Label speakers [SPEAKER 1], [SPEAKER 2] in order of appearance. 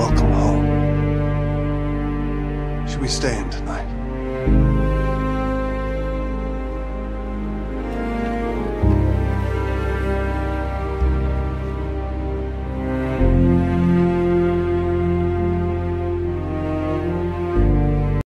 [SPEAKER 1] Welcome home. Should we stay in tonight?